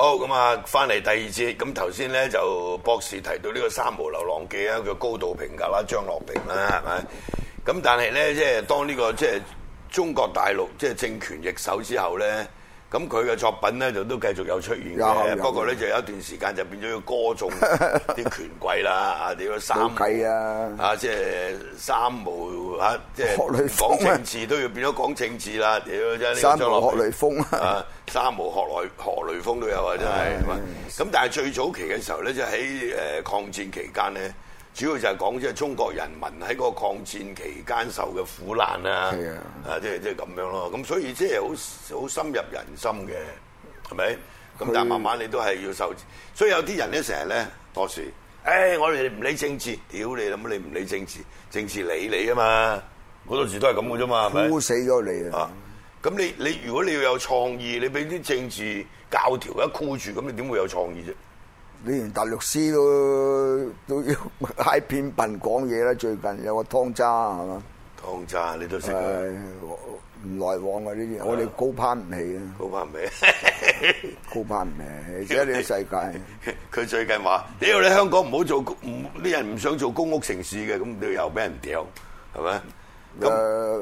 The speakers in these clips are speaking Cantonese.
好，咁啊，翻嚟第二節。咁頭先咧就博士提到呢個《三毛流浪記》啊，叫高度評價啦，張樂平啦，係咪？咁但係咧，即係當呢、這個即係中國大陸即係政權易手之後咧。咁佢嘅作品咧就都繼續有出現嘅，不過咧就有一段時間就變咗要歌頌啲權貴啦，啊屌三毛啊，即係三毛嚇即係學雷鋒講政治都要變咗講政治啦，屌真係三毛學雷鋒？啊，三毛學雷、 即係、何雷鋒、即係、都有啊，真、就、係、是，咁 但係最早期嘅時候咧，就喺誒抗戰期間咧。主要就係講即係中國人民喺個抗戰期間受嘅苦難啦，啊即係即係咁樣咯。咁所以即係好好深入人心嘅，係咪？咁但係慢慢你都係要受。所以有啲人咧成日咧，多時，誒我哋唔理政治，屌你諗乜？你唔理政治，政治理你啊嘛！好多時都係咁嘅啫嘛。箍死咗你啊！咁你你如果你要有創意，你俾啲政治教條一箍住，咁你點會有創意啫？你連大律師都都要挨片貧講嘢啦！最近有個湯渣係嘛？湯渣你都識啊？唔來往啊！呢啲我哋高攀唔起啊！高攀唔起，高攀唔起，而家呢個世界。佢 最近話：，屌你，你香港唔好做公，啲人唔想做公屋城市嘅，咁你又俾人屌，係咪？咁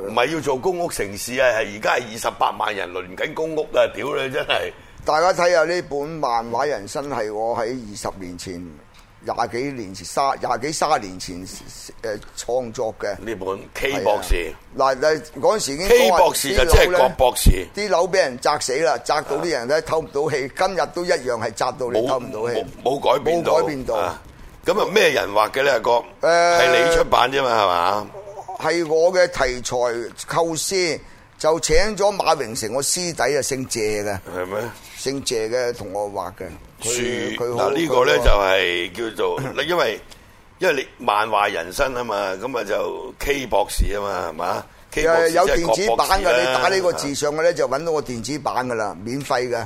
唔係要做公屋城市啊？係而家係二十八萬人輪緊公屋啊！屌你真係～大家睇下呢本漫畫《人生》，係我喺二十年前、廿幾年前、三廿幾三年前，年前，年前創作嘅呢本 K, 呢 K、就是、博士。嗱，嗰陣時已經 K 博士就即係郭博士，啲樓俾人砸死啦，砸到啲人咧透唔到氣。今日都一樣係砸到你透唔到氣，冇改變到。咁啊，咩人畫嘅呢？阿、那、哥、個，係、uh, 你出版啫嘛？係、就、嘛、是？係我嘅題材構思。就請咗馬榮成，我師弟啊，姓謝嘅，係咩？姓謝嘅同我畫嘅，佢嗱、這個、呢個咧就係、是、叫做，因為、 因、為因為你漫畫人生啊嘛，咁啊就郭博士啊嘛，係嘛？誒，有電子版嘅，就是、你打呢個字上嘅咧，的就搵到我電子版噶啦，免費嘅。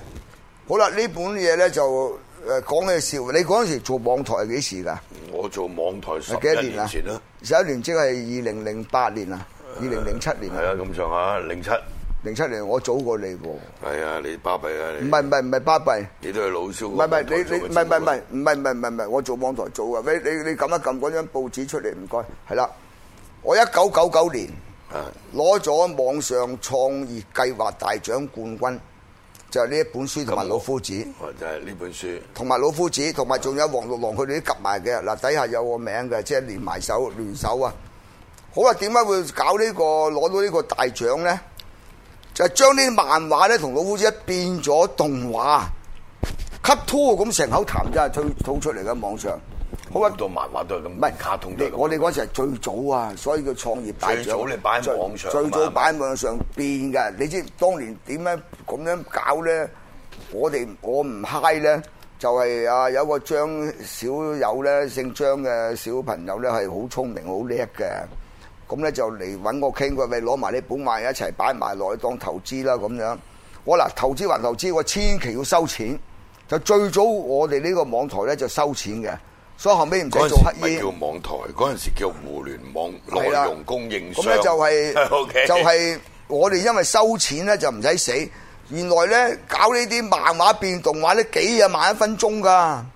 好啦，呢本嘢咧就誒講嘅笑話，你嗰陣時做網台係幾時噶？我做網台十一年前啦，十一年即係二零零八年啊。就是二零零七年係啊，咁上下零七零七年，我早過你喎。係啊，你巴閉啊！唔係唔係唔係巴閉，你都係老少唔係唔係你你唔係唔係唔係唔係唔係唔係，我做網台做啊！你你你撳一撳嗰張報紙出嚟，唔該，係啦，我一九九九年攞咗網上創業計劃大獎冠軍，就係呢一本書同埋老夫子，就係呢本書，同埋老夫子，同埋仲有黃六郎佢哋都夾埋嘅嗱，底下有個名嘅，即係連埋手聯手啊！好啦，點解會搞呢、呢個攞到呢個大獎咧？就係、係、將呢啲漫畫咧，同老夫子一變咗動畫，cut 拖咁成口痰，真係吐出嚟嘅網上，好啊。到漫畫都係咁乜卡通啲，我哋嗰時係最早啊，所以叫創業大獎。最早你擺喺網上，最，最早擺喺網上變㗎。你知當年點樣咁樣搞咧？我哋我唔 high 咧，就係啊有個張小友咧，姓張嘅小朋友咧係好聰明好叻嘅。咁咧就嚟揾我傾，佢話：喂，攞埋啲本畫一齊擺埋落去當投資啦咁樣。我嗱投資還投資，我千祈要收錢。就最早我哋呢個網台咧就收錢嘅，所以後尾唔使做乞衣。嗰陣時咪叫網台，嗰陣時叫互聯網內容供應商。咁咧就係，就係我哋因為收錢咧就唔使死。原來咧搞呢啲漫畫變動畫咧，幾廿萬一分鐘噶，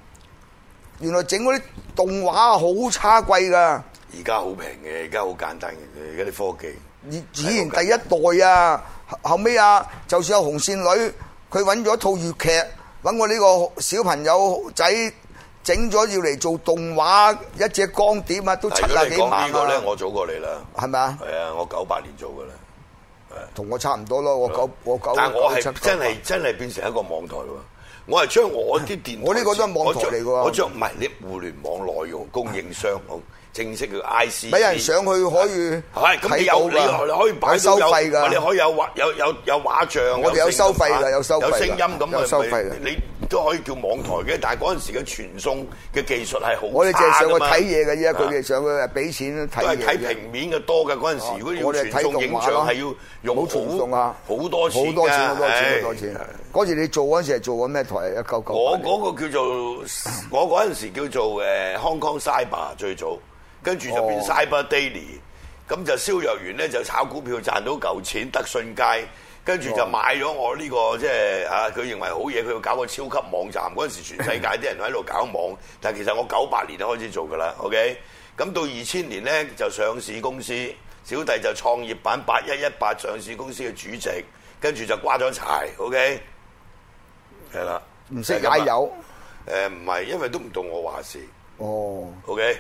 原來整嗰啲動畫好差貴噶。而家好平嘅，而家好簡單嘅，而家啲科技。以前第一代啊， 後尾啊，就算有紅線女，佢揾咗套粵劇，揾我呢個小朋友仔整咗要嚟做動畫，一隻光碟啊都七十幾萬啦。如果你講呢個咧，我你早過你啦。係咪啊？係啊，我九八年做噶啦，同我差唔多咯。我九我九。但我係真係真係變成一個網台咯。我係將我啲電，我呢個都係網台嚟㗎，我將，唔係啲互聯網內容供應商，好 正式叫 I C。俾人上去可以睇到，係咁你有，你可以擺收費㗎。你可以有有有有畫像，我有收費㗎，有收費㗎，有，有，有，有，有，有聲音咁有收費㗎。都可以叫網台嘅，但係嗰陣時嘅傳送嘅技術係好差，我哋係上去睇嘢嘅啫，佢哋上去係俾錢睇睇平面嘅多嘅嗰陣時，啊，如果要傳送影像係要用好多好多錢嘅。誒，嗰時你做嗰陣時係做緊咩台？一九九八。我嗰個叫做我嗰陣時叫做誒 Hong Kong Cyber 最早，跟住就變 Cyber Daily。咁，哦，就蕭若元咧就炒股票賺到嚿錢，德信街。跟住就買咗我呢個即係佢認為好嘢，佢要搞個超級網站。嗰陣時全世界啲人喺度搞網， 但其實我九八年就開始做㗎啦。OK，咁到二千年咧就上市公司，小弟就創業板八一一八上市公司嘅主席，跟住就瓜咗柴。OK，係啦，唔識解有？誒唔係，因為都唔到我話事。哦。OK，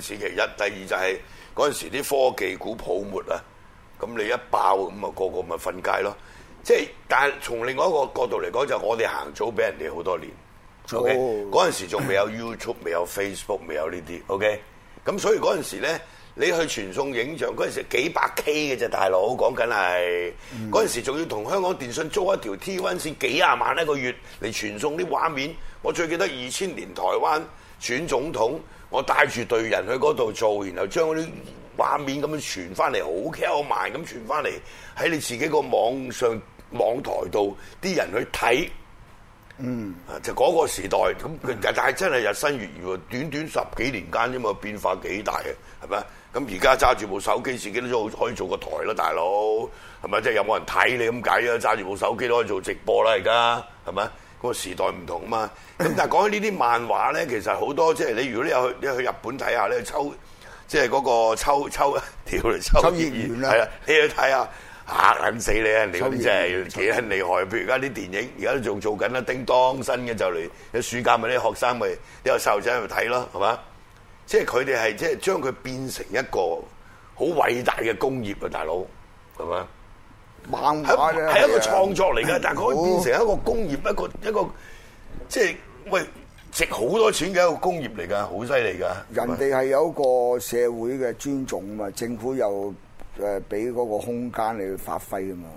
此其一，第二就係嗰陣時啲科技股泡沫啊。咁你一爆咁啊，個個咪瞓街咯。即係，但係從另外一個角度嚟講，就我哋行早俾人哋好多年。O K，嗰陣時仲未有 YouTube，未有 Facebook，未有呢啲。O K，咁所以嗰陣時咧，你去傳送影像嗰陣時幾百 K 嘅啫，大佬。講緊係嗰陣時仲要同香港電信租一條 T1 線幾廿萬一個月嚟傳送啲畫面。我最記得二千年台灣選總統，我帶住隊人去嗰度做，然後將嗰啲。畫面咁樣傳翻嚟，好慢咁傳翻嚟喺你自己個網上網台度，啲人去睇，嗯，就嗰個時代咁，嗯，但係真係日新月異喎，短短十幾年間啫嘛，變化幾大嘅，係咪？咁而家揸住部手機，自己都做可以做個台啦，大佬係咪？即係有冇人睇你咁解啊？揸住部手機都可以做直播啦，而家係咪？嗰個時代唔同啊嘛。咁但係講起呢啲漫畫咧，其實好多即係你，如果你有去，你去日本睇下咧，你去抽。即係嗰個秋秋條嚟秋葉原，係啊！你去睇下嚇，癲死你啊！你咁真係幾閪厲害。譬如而家啲電影，而家都仲做緊啦。叮噹新嘅就嚟，有暑假咪啲學生咪有個細路仔喺度睇咯，係嘛？即係佢哋係即係將佢變成一個好偉大嘅工業啊，大佬係嘛？漫畫係一,一個創作嚟嘅，但係佢變成一個工業，一個一個，一個即係喂。喂值好多錢嘅一個工業嚟噶，好犀利噶。是人哋係有一個社會嘅尊重嘛，政府又誒俾嗰個空間你去發揮啊嘛。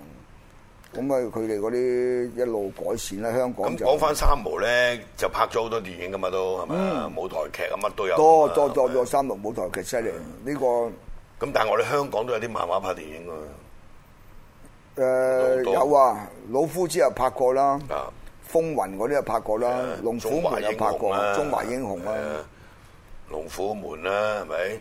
咁啊，佢哋嗰啲一路改善啦，香港。咁講翻三毛咧，就拍咗好多電影噶嘛，都係咪？舞台劇啊，乜都有。多多多多，多三毛舞台劇犀利，呢、嗯這個。咁但係我哋香港都有啲漫畫拍電影噶。誒、呃，有啊，老夫子又拍過啦。風雲嗰啲又拍過啦、啊，龍虎門又拍過，中華英雄啊，龍虎門啦，係咪？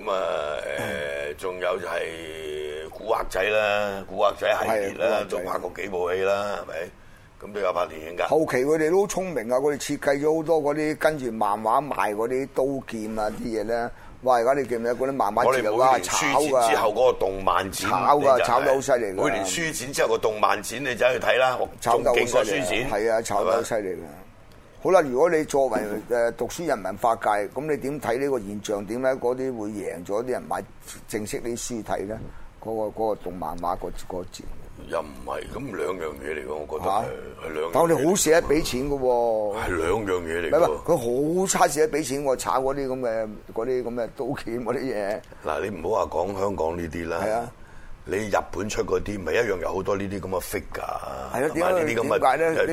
咁啊，誒、啊，仲、啊啊啊啊啊啊、有就係古惑仔啦、啊，古惑仔系列啦，仲、啊、拍過幾部戲啦，係咪、啊？是啊。咁都有拍電影噶？後期佢哋都好聰明啊！佢哋設計咗好多嗰啲跟住漫畫賣嗰啲刀劍啊啲嘢咧。哇！而家你記唔記得嗰啲漫畫？年之後嗰個動漫展，炒啊、就是、炒到好犀利！每年書展之後個動漫展，你就去睇啦，仲勁過書展。係啊，炒到好犀利。好啦，如果你作為誒讀書人文化界，咁你點睇呢個現象？點解嗰啲會贏咗啲人買正式啲書睇咧？嗰、嗰個嗰、嗰個、動漫畫、嗰個字。又唔係咁兩樣嘢嚟嘅，我覺得係係、啊、兩樣嘢。但係我哋好捨得俾錢嘅喎。係兩樣嘢嚟。唔係佢好差捨得俾錢，我炒嗰啲咁嘅嗰啲咁嘅糟攪嗰啲嘢。嗱，你唔好話講香港呢啲啦。係啊。你日本出嗰啲唔係一樣有好多呢啲咁嘅 figure 㗎？係啊，點解呢？因、就、為、是、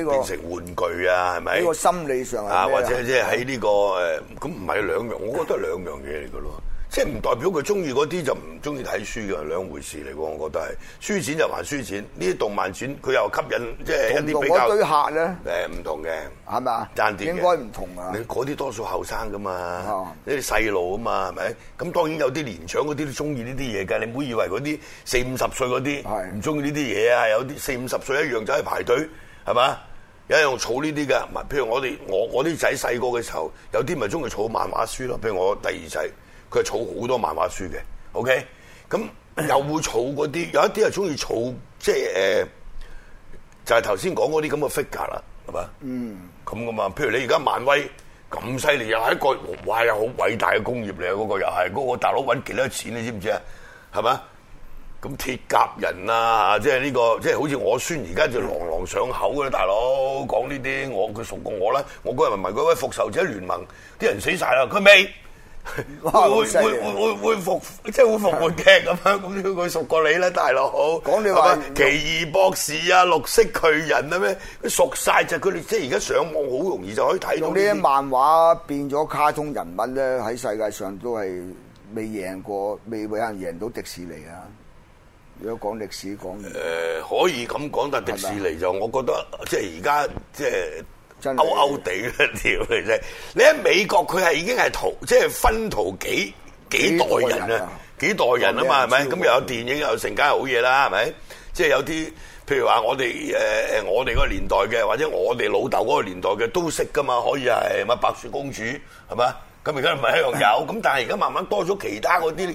變成玩具啊，係、這、咪、個？呢、呢個心理上啊，或者即係喺呢個誒，咁唔係兩樣。我覺得係兩樣嘢嚟嘅咯。 即係唔代表佢中意嗰啲就唔中意睇書嘅兩回事嚟喎，我覺得係，書展就還書展，呢啲動漫展佢又吸引即係一啲比較。嗰堆客咧誒唔同嘅係咪啊？爭啲應該唔同啊！你嗰啲多數後生㗎嘛，啲細路啊嘛係咪？咁當然有啲年長嗰啲都中意呢啲嘢㗎，你唔好以為嗰啲四五十歲嗰啲唔中意呢啲嘢啊！有啲四五十歲一樣走去排隊係嘛？有人儲呢啲㗎，譬如我哋我我啲仔細個嘅時候，有啲咪中意儲漫畫書咯，譬如我第二仔。佢係儲好多漫畫書嘅，OK，咁又會儲嗰啲，有一啲係中意儲，即係誒，就係頭先講嗰啲咁嘅 figure 啦，係嘛，嗯，咁噶嘛，譬如你而家漫威咁犀利，又係一個哇，又好偉大嘅工業嚟啊，嗰個又係嗰個大佬揾幾多錢，你知唔知啊？係嘛，咁鐵甲人啊，即係呢個，即係好似我孫而家就朗朗上口嘅大佬講呢啲，我佢熟過我啦，我嗰日唔係嗰位復仇者聯盟，啲人死晒啦，佢未？會會會會即會復即係會復活嘅咁樣，咁 佢熟過你啦，大佬好。講你話奇異博士啊，綠色巨人啊咩，佢熟晒就佢哋即係而家上網好容易就可以睇到些。呢啲漫畫變咗卡通人物咧，喺世界上都係未贏過，未有人贏到迪士尼啊！如果講歷史講，誒、呃，可以咁講但迪士尼就，我覺得即係而家即係。勾勾地啦，條嚟啫！你喺美國佢係已經係淘，即係分淘幾幾代人啊，幾代人啊嘛，係咪？咁又有電影又成，梗係好嘢啦，係咪？即係有啲譬如話我哋誒誒，我哋嗰個年代嘅，或者我哋老豆嗰個年代嘅都識噶嘛，可以係乜白雪公主係咪？咁而家唔係一樣有，咁 但係而家慢慢多咗其他嗰啲。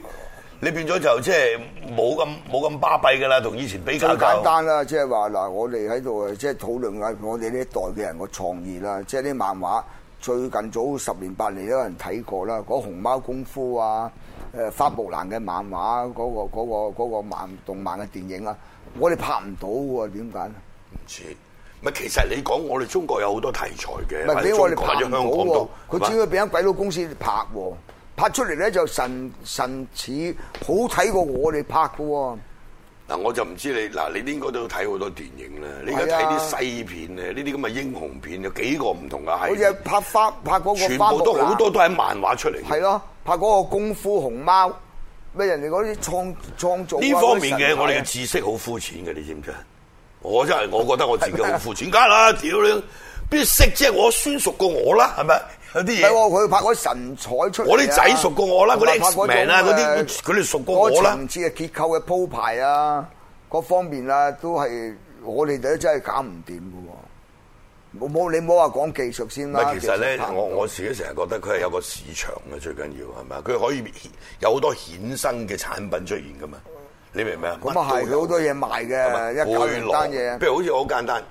你變咗就即係冇咁冇咁巴閉㗎啦，同以前比較。簡單啦，即係話嗱，我哋喺度即係討論下我哋呢一代嘅人個創意啦，即係啲漫畫最近早十年八年都有人睇過啦，嗰個《熊貓功夫》啊，誒花木蘭嘅漫畫嗰個嗰個嗰個漫動漫嘅電影啊，我哋拍唔到喎，點解？唔似咪其實你講我哋中國有好多題材嘅，唔係你話拍唔到，佢只要俾一鬼佬公司拍喎。拍出嚟咧就神神似好睇過我哋拍嘅。嗱，我就唔知你嗱，你應該都睇好多電影，啊、你而家睇啲西片咧，呢啲咁嘅英雄片有幾個唔同噶。好似係拍花拍嗰個，全部都好多都係漫畫出嚟。係咯，拍嗰個功夫熊貓，咩人哋嗰啲創創造呢方面嘅，我哋嘅知識好膚淺嘅，你知唔知？我真係我覺得我自己好膚淺，梗 啦然了，屌 你，必識即係我宣熟過我啦，係咪？有啲嘢，佢拍嗰神采出嚟，我啲仔熟過我啦，嗰啲成名啦，啲佢哋熟過我啦。唔知，嘅結構嘅鋪排啊，各方面啦，都係我哋第一真係搞唔掂噶。我冇你冇話講技術先啦。其實咧，我我自己成日覺得佢係有個市場嘅最緊要係咪？佢可以有好多衍生嘅產品出現噶嘛，你明唔明啊？咁啊係，好多嘢賣嘅，一單嘢。譬如好似好簡單，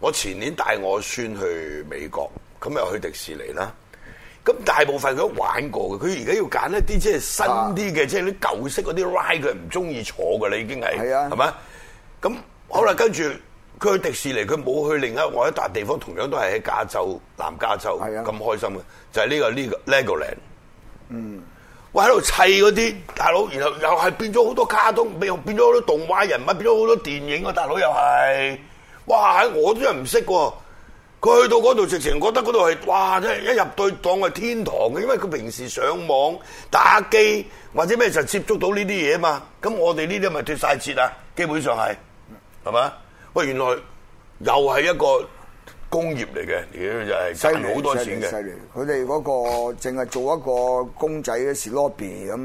我前年帶我孫去美國，咁又去迪士尼啦。咁大部分佢都玩過嘅，佢而家要揀一啲、啊、即係新啲嘅，即係啲舊式嗰啲 ride 佢唔中意坐噶啦，已經係係啊，係咪？咁、嗯、好啦，跟住佢去迪士尼，佢冇去另一外一笪地方，同樣都係喺加州南加州，啊，咁開心嘅就係、係、呢、呢個呢、呢個 Legoland。嗯哇，我喺度砌嗰啲大佬，然後又係變咗好多卡通，變變咗好多動畫人物，變咗好多電影啊！大佬又係，哇！我都係唔識喎。佢去到嗰度，直情覺得嗰度係哇！一入到當係天堂嘅，因為佢平時上網打機或者咩就接觸到呢啲嘢啊嘛。咁我哋呢啲咪脫晒節啊！基本上係係咪？喂，原來又係一個工業嚟嘅，屌就係、是、賺好多錢嘅。佢哋嗰個淨係做一個公仔嘅 Lobby 咁，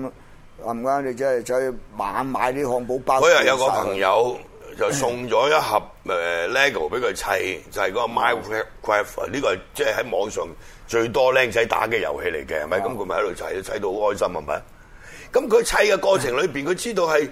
啱唔啱？你真係走去猛買啲漢堡包。佢係有個朋友。就送咗一盒誒 Lego 俾佢砌，就係嗰個 Minecraft，呢個係即係喺網上最多靚仔打嘅遊戲嚟嘅，係咪？咁佢咪喺度砌，砌到好開心，係咪？咁佢砌嘅過程裏邊，佢知道係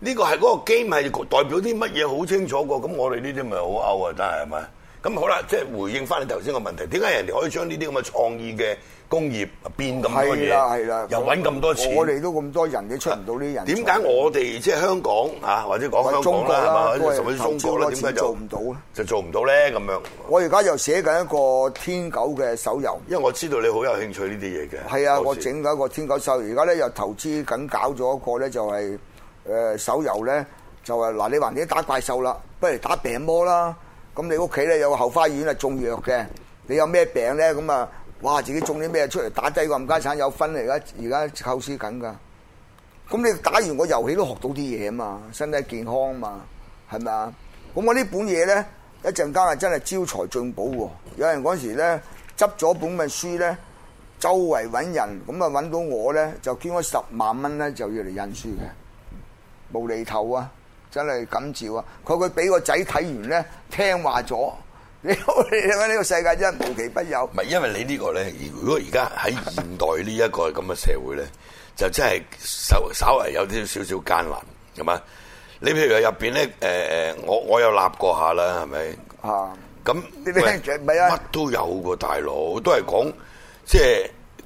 呢個係嗰個 game 係代表啲乜嘢，好清楚個。咁我哋呢啲咪好 out 啊，真係，係咪？咁好啦，即係回應翻你頭先個問題，點解人哋可以將呢啲咁嘅創意嘅工業變咁多嘢啦，又搵咁多錢？我哋都咁多人，你出唔到啲人？點解我哋即係香港啊，或者講香港啦，或者甚至中國咧，點解做唔到咧？就做唔到咧咁樣。我而家又寫緊一個天狗嘅手遊，因為我知道你好有興趣呢啲嘢嘅。係啊，我整緊一個天狗手遊，而家咧又投資緊搞咗一個咧，就係誒手遊咧，就係嗱，你話你打怪獸啦，不如打病魔啦。咁你屋企咧，有個後花園啊，種藥嘅。你有咩病咧？咁啊，哇！自己種啲咩出嚟打低冚家產有分嚟㗎。而家構思緊噶。咁你打完個遊戲都學到啲嘢啊嘛，身體健康啊嘛，係咪啊？咁我本呢本嘢咧，一陣間啊真係招財進寶喎！有人嗰時咧執咗本嘅書咧，周圍搵人，咁啊搵到我咧就捐咗十萬蚊咧，就要嚟印書嘅，無厘頭啊！真係咁照啊！佢佢俾個仔睇完咧，聽話咗。你好你睇呢、呢個世界真係無奇不有。唔係因為你呢個呢個咧，如果而家喺現代呢一個咁嘅社會咧， 就真係稍稍為有啲少少艱難，係嘛？你譬如入邊咧，誒、呃，我我有立過一下啦，係咪？啊、嗯！咁，唔係乜都有喎，大佬都係講即係。即係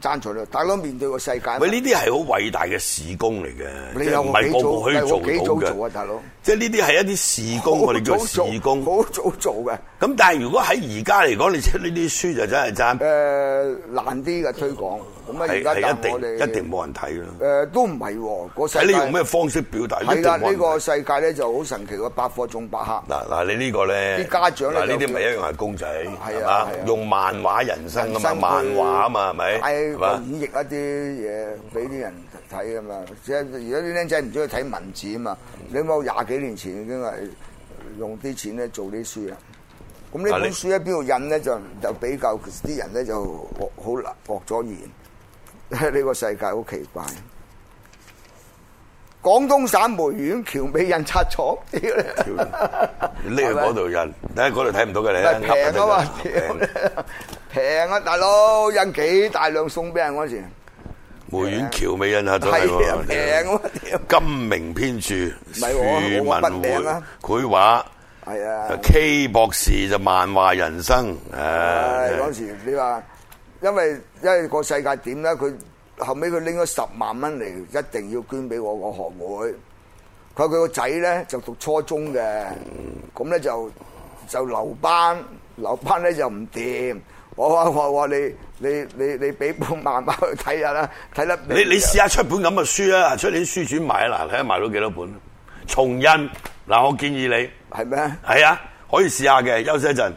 爭取啦，大佬面對個世界。喂，呢啲係好偉大嘅事工嚟嘅，你又唔係個個可以做到嘅。即係呢啲係一啲事工，做我哋叫做事工。好早做嘅。咁但係如果喺而家嚟講，你出呢啲書就真係爭。誒、呃，難啲嘅推廣。咁、嗯、啊，而家一定一定冇人睇咯。誒、呃，都唔係喎。你用咩方式表達？係啦，呢、這個世界咧就好神奇，個百貨中百客。嗱、這、嗱、個，你呢個咧啲家長咧，呢啲咪一樣係公仔係嘛？用漫畫人生咁嘛，漫畫啊嘛，係咪？演繹一啲嘢俾啲人睇㗎嘛，即係而家啲僆仔唔中意睇文字啊嘛。你冇廿幾年前已經係用啲錢咧做啲書啊。咁呢本書喺邊度印咧，就就比較啲人咧就學好難學咗語言。呢 個世界好奇怪。廣東省梅縣橋尾印刷廠， 你呢你！拎去嗰度印，喺嗰度睇唔到嘅你啊平啊平啊，大佬印幾大量送俾人嗰時，梅園橋未印下都係喎，平啊！金明編著，樹文會啦，繪畫係啊。郭博士就漫話人生，誒，嗰時你話，因為因為個世界點咧？佢後尾佢拎咗十萬蚊嚟，一定要捐俾我個學會。佢話佢個仔咧就讀初中嘅，咁咧就就留班，留班咧就唔掂。我話我話，你你你你俾萬爸去睇下啦，睇得你你試下出本咁嘅書啊，出啲書展賣啦，睇下賣到幾多本重印嗱，我建議你係咩？係啊，可以試下嘅，休息一陣。